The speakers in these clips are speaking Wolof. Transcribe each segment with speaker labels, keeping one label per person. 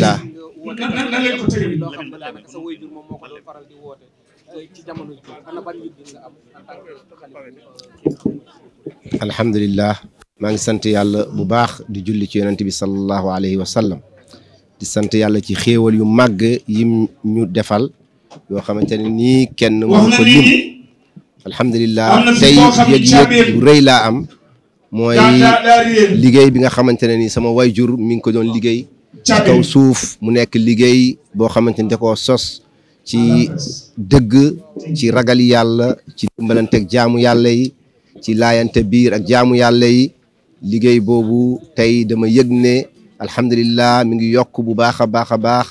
Speaker 1: la eh, alhamdulilah maa ngi sant yàlla bu baax di julli ci yonent bi sallallahu alayhi wa di sant yàlla ci xéewal yu màgg yim ñu defal yoo xamante ne nii kenn mënu ko lim alhamdulilah tey yëg-yëg bu rëy am mooy liggéey bi nga xamante ne nii sama wayjur mi ngi ko doon liggéey ci kaw suuf mu nekk liggéey boo xamante ni da sos ci dëgg ci ragal yàlla ci ak jaamu yàlla yi ci laayante biir ak jaamu yàlla yi liggéey boobu tey dama yëg ne alhamdulillah mu ngi yokk bu baax a baax a baax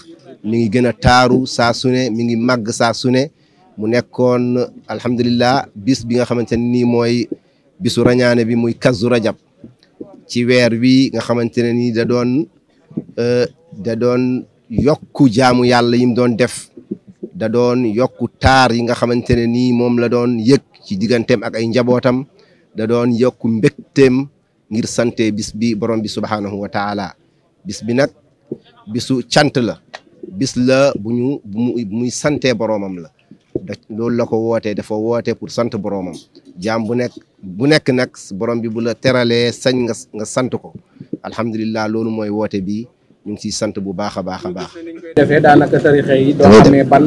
Speaker 1: mu ngi gën a taaru saa su mi ngi màgg saa su ne mu nekkoon alhamdulillah bis bi nga xamante ne nii mooy bisu rañaane bi muy kazu rajab ci weer wi nga xamante ne da doon Euh, da doon yokku jaamu yàlla yim doon def da doon yokku taar yi nga xamante ne nii moom la doon yëg ci digganteem ak ay njabootam da doon yokku mbégteem ngir sante bis bi borom bi subhaanahu wa taala bis bi nag bisu cant la bis la bu ñu bu muy sante boroomam la loolu la ko wootee dafa woote pour sant boroomam jaam bu nekk bu nekk nag borom bi bu la teralee sañ nga nga sant ko alhamdulillah loolu mooy woote bi ñu ngi siy sant bu baax a baax a baax. defee daanaka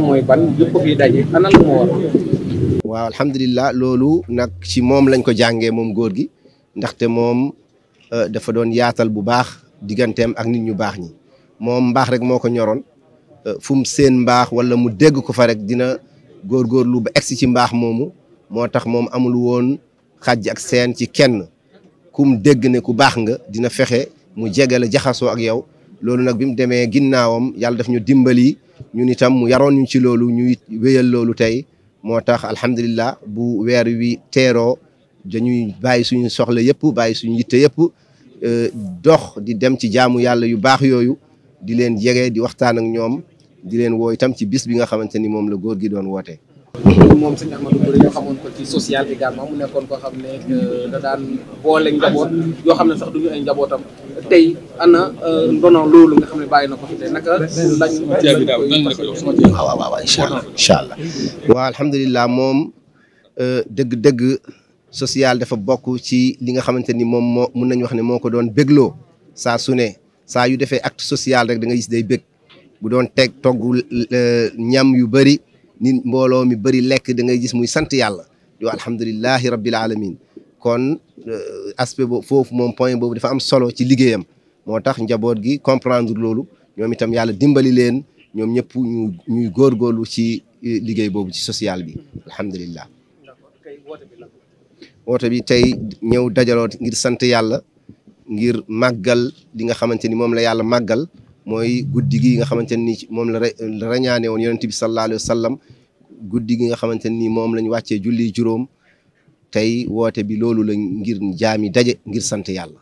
Speaker 1: mooy ban waaw alhamdulilah loolu nag ci moom lañ ko jàngee moom góor gi ndaxte moom euh, dafa doon yaatal bu baax digganteem ak nit ñu baax ñi moom mbaax rek moo ko ñoroon euh, fum mu seen mbaax wala mu dégg ko fa rek dina góorlu ba egsi ci mbaax moomu moo tax moom amul woon xàjj ak seen ci kenn kum dégg ne ku baax nga dina fexe mu jegale jaxasoo ak yow. loolu nag bi mu demee ginnaawam yàlla daf ñu dimbali ñun itam mu yaroon ñu ci loolu ñuy wéyal loolu tey moo tax alhamdulilah bu weer wi teeroo dañuy bàyyi suñu soxla yëpp bàyyi suñu yitte yëpp euh, dox di dem ci jaamu yàlla yu baax yooyu di leen jege di waxtaan ak ñoom di leen woo itam ci bis bi nga xamante ni moom la góor gi doon woote.
Speaker 2: social également mu xam ne euh, da daan boole njaboot yoo euh, waaw
Speaker 1: waaw moom euh, dëgg-dëgg social dafa bokk ci li nga xamante ni moom moo mun nañu wax ne moo ko doon bégloo saa su ne saa yu defee acte social rek danga nga gis day bég bu doon teg togg ñam yu bari nit mbooloo mi bari lekk da ngay gis muy sant yàlla yow alhamdulilahi rabbil alamin kon euh, aspect boobu foofu moom point boobu dafa am solo ci liggéeyam moo tax njaboot gi comprendre loolu ñoom itam yàlla dimbali leen ñoom ñëpp ñu ñuy góorgóorlu ci euh, liggéey boobu ci social bi alhamdulilah woote bi tey ñëw dajaloot ngir sant yàlla ngir màggal li nga xamante ni moom la yàlla màggal mooy guddi gi nga xamante ni moom la rañaane woon yonent bi sallallahu alayhi wa guddi gi nga xamante ni moom lañ wàccee julli juróom tey woote bi loolu la ngir jaami daje ngir sant yàlla.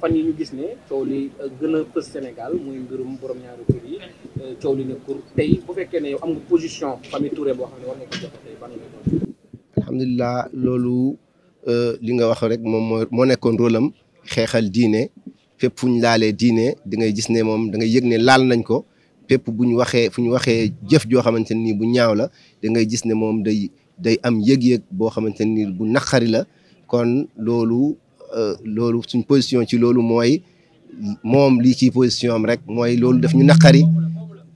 Speaker 2: fan yi ñu gis ne coow li euh, gën a fës Sénégal muy mbirum borom ñaari tur yi euh, coow li ne kur tey bu fekkee ne yow am nga position famille Touré boo ne war ko joxe tey ban nga
Speaker 1: alhamdulilah loolu. Euh, li nga wax rek moom moo moo nekkoon rôle am xeexal diine fépp fu ñu laalee diine da ngay gis ne moom da ngay yëg ne laal nañ ko fépp bu ñu waxee fu ñu waxee jëf joo xamante nii bu ñaaw la da ngay gis ne moom day day am yëg-yëg boo xamante nii bu naqari la kon loolu euh, loolu suñ position ci loolu mooy moom lii ci position am rek mooy loolu daf ñu naqari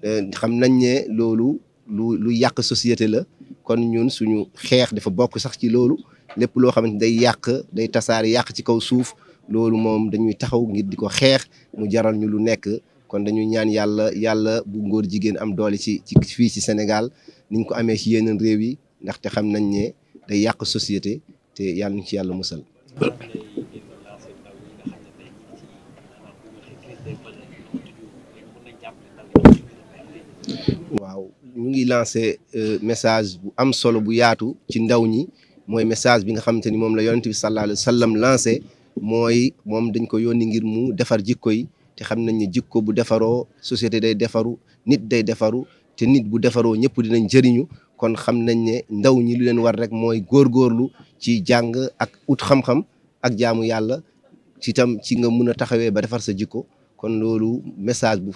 Speaker 1: euh, xam nañ ne loolu lu lu yàq société la kon ñun suñu xeex dafa bokk sax ci loolu lépp loo xam xamante day yàq day tasaare yàq ci kaw suuf loolu moom dañuy taxaw ngir di ko xeex mu jaral ñu lu nekk kon dañuy ñaan yàlla yàlla bu ngóor jigéen am doole ci ci fii ci Sénégal niñ ko amee ci yeneen réew yi ndaxte xam nañ ne day yàq société te yàlla ñu ci yàlla musal. waaw ñu ngi lancé euh, message bu am solo bu yaatu ci ndaw ñi. mooy message bi nga xamante ni moom la yonent bi sallallahu alayhi wa sallam lancé mooy moom dañ ko yónni ngir mu defar jikko yi te xam nañ ne jikko bu defaroo société day defaru nit day defaru te nit bu defaroo ñëpp dinañ jëriñu kon xam nañ ne ndaw ñi lu leen war rek mooy góorgóorlu ci jàng ak ut xam-xam ak jaamu yàlla ci tam ci nga mun a taxawee ba defar sa jikko kon loolu message bu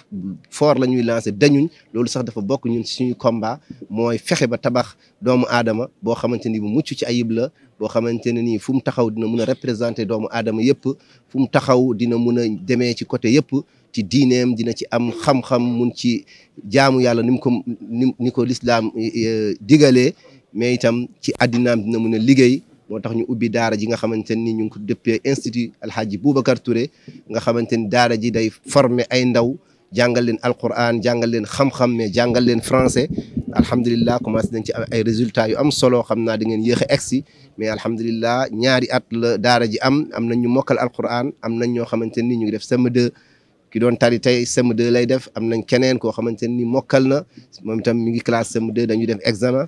Speaker 1: foor la ñuy lancer dañuñ loolu sax dafa bokk ñun suñu komba mooy fexe ba tabax doomu aadama boo xamante ni bu mucc ci ayib la boo xamante ne nii fu mu taxaw dina mun a représenter doomu aadama yëpp fu mu taxaw dina mun a demee ci côté yëpp ci diineem dina ci am xam-xam mun ci jaamu yàlla ni mu ko ni ni ko lislaam euh, digalee mais itam ci àddinaam dina mun a liggéey moo tax ñu ubbi daara ji nga xamante ni ñu ngi ko dëppee institut alhaaji Boubacar Touré nga xamante ni daara ji day former ay ndaw jàngal leen alquran jàngal leen xam-xam mais jàngal leen francais alhamdulilah commencé nañ ci am ay résultats yu am solo xam naa da ngeen yéex a egsi mais alhamdulilah ñaari at la daara ji am am nañ ñu mokkal alquran am nañ ñoo xamante ni ñu def CM2 ki doon tari tey CM2 lay def am nañ keneen koo xamante ni mokkal na moom itam mi ngi classe CM2 dañuy def examen.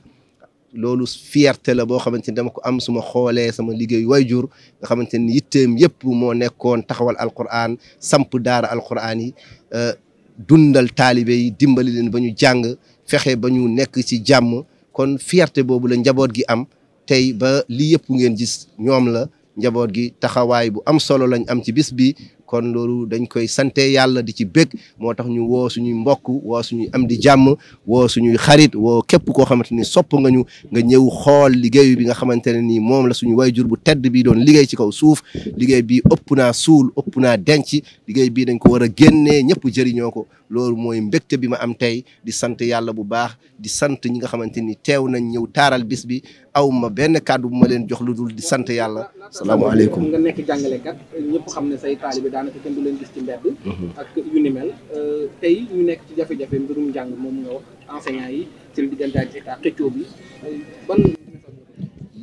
Speaker 1: loolu fierté la boo xamante ni dama ko am suma xoolee sama liggéey wayjur nga xamante ni yitteem yëpp moo nekkoon taxawal alquran samp daara alquran yi euh, dundal taalibe yi dimbali leen ba ñu jàng fexe ba ñu nekk ci jàmm kon fierté boobu la njaboot gi am tey ba li yëpp ngeen gis ñoom la njaboot gi taxawaay bu am solo lañ am ci bis bi kon loolu dañ koy sante yàlla di ci bég moo tax ñu woo suñuy mbokk woo suñuy am di jàmm woo suñuy xarit woo képp koo xamante ni sopp nga ñu nga ñëw xool liggéey bi nga xamante ne nii moom la suñu jur bu tedd bi doon liggéey ci kaw suuf liggéey bi ëpp naa suul ëpp naa denc liggéey bii dañ ko war a génnee ñëpp jëriñoo ko loolu mooy mbégte bi ma am tey di sant yàlla bu baax di sant ñi nga xamante ni teew nañ ñëw taaral bis bi aw ma benn kàddu bu ma leen jox lu dul di sant yàlla. salaamaaleykum nga nekk jàngalekat
Speaker 2: ñëpp xam ne say taalibe daanaka kenn du leen gis ci mbedd. Mhm. ak yu euh, tey ñu nekk ci jafe-jafe mbirum njàng moom nga wax enseignants yi ci diggante ak état bi euh,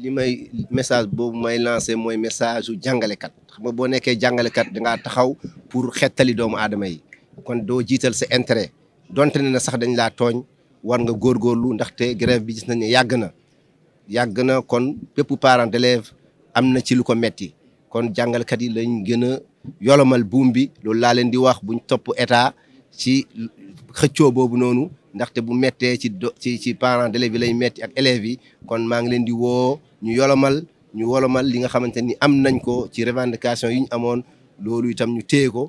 Speaker 1: li may message boobu may lancé mooy message su jàngalekat xam nga boo nekkee jàngalekat dangaa taxaw pour xettali doomu aadama yi kon doo jiital sa intérêt donte ne na sax dañ laa tooñ war nga góorgóorlu ndaxte grève bi gis nañ ne yàgg na. yàgg na kon bépp parent d'élève am na ci lu ko metti kon jàngalkat yi lañ gën a yolomal buum bi loolu laa leen di wax buñ topp état ci xëccoo boobu noonu ndaxte bu mettee ci ci ci parent d'élève yi lañ metti ak élèves yi kon maa ngi leen di woo ñu yolomal ñu wolomal li nga xamante ni am nañ ko ci revendication yi ñu amoon loolu itam ñu téye ko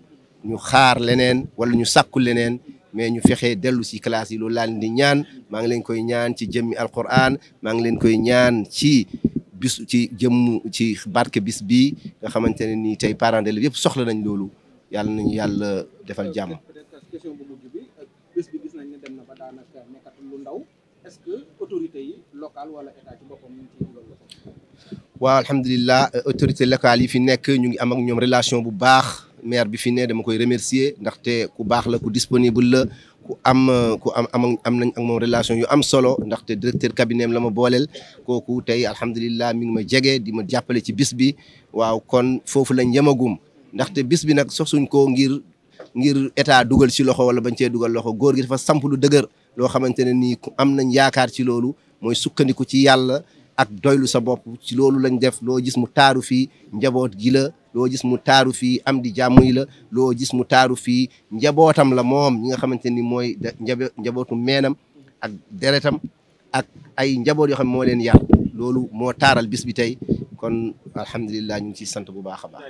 Speaker 1: ñu xaar leneen wala ñu sàkku leneen mais ñu fexe dellu si classe yi loolu laal leen di ñaan maa ngi leen koy ñaan ci jëmmi alquran maa ngi leen koy ñaan ci bis ci jëmm ci barke bis bi nga xamante ne nii tey parents d'élèves yëpp soxla nañ loolu yàlla nañu yàlla defal jàmm. question bu mujj bi waaw alhamdulilah autorité locale yi fi nekk ñu ngi am ak ñoom relation bu baax maire bi fi ne dama koy remercier ndaxte ku baax la ku disponible la ku am ku am am nañ ak moom relation yu am solo ndaxte directeur cabinet la ma booleel kooku tey alhamdulilah mi ngi ma jege di ma jàppale ci bis bi waaw kon foofu lañ yemagum ndaxte bis bi nag soxsuñ ko ngir ngir état dugal ci loxo wala bañ cee dugal loxo góor gi dafa samp dëgër loo xamante ne nii ku am nañ yaakaar ci loolu mooy sukkandiku ci yàlla ak doylu sa bopp ci loolu lañ def loo gis mu taaru fii loo gis mu taaru fii am di jàmm yi la loo gis mu taaru fii njabootam la moom ñi nga xamante ni mooy njabootu meenam ak deretam ak ay njaboot yoo xam ne moo leen yar loolu moo taaral bis bi tey kon alhamdulilah ñu ngi ciy sant bu baax a baax